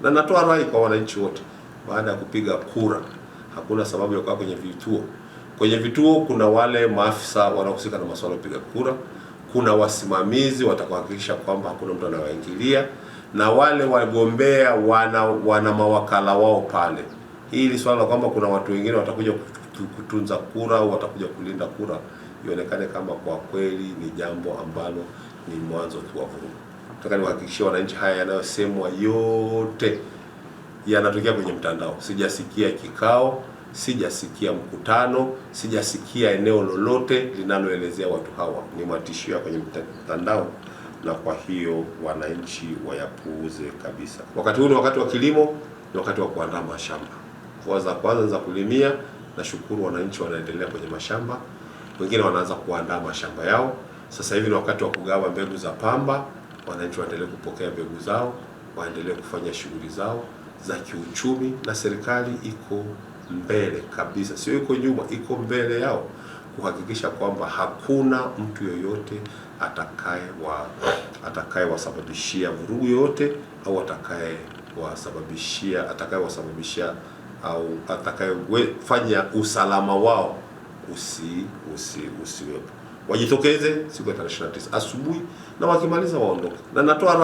na natoa rai kwa wananchi wote, baada ya kupiga kura, hakuna sababu ya kukaa kwenye vituo. Kwenye vituo kuna wale maafisa wanaohusika na masuala ya kupiga kura, kuna wasimamizi watakuhakikisha kwamba hakuna mtu anawaingilia, na wale wagombea wana, wana mawakala wao pale. Hili swala la kwamba kuna watu wengine watakuja kutunza kura au watakuja kulinda kura, ionekane kama kwa kweli ni jambo ambalo ni mwanzo tu wa vurugu nataka niwahakikishie wananchi, haya yanayosemwa yote yanatokea kwenye mtandao. Sijasikia kikao, sijasikia mkutano, sijasikia eneo lolote linaloelezea watu hawa ni matishio ya kwenye mtandao, na kwa hiyo wananchi wayapuuze kabisa. Wakati huu ni wakati wa kilimo, ni wakati wa kuandaa mashamba. Mvua za kwanza za kulimia, nashukuru wananchi wanaendelea kwenye mashamba, wengine wanaanza kuandaa mashamba yao. Sasa hivi ni wakati wa kugawa mbegu za pamba wananchi waendelee kupokea mbegu zao, waendelee kufanya shughuli zao za kiuchumi, na serikali iko mbele kabisa, sio iko nyuma, iko mbele yao kuhakikisha kwamba hakuna mtu yoyote atakaye wa atakayewasababishia vurugu yoyote au atakaye wasababishia au fanya usalama wao usi usi usiwepo wajitokeze siku ya 29 asubuhi, na wakimaliza waondoke na natoa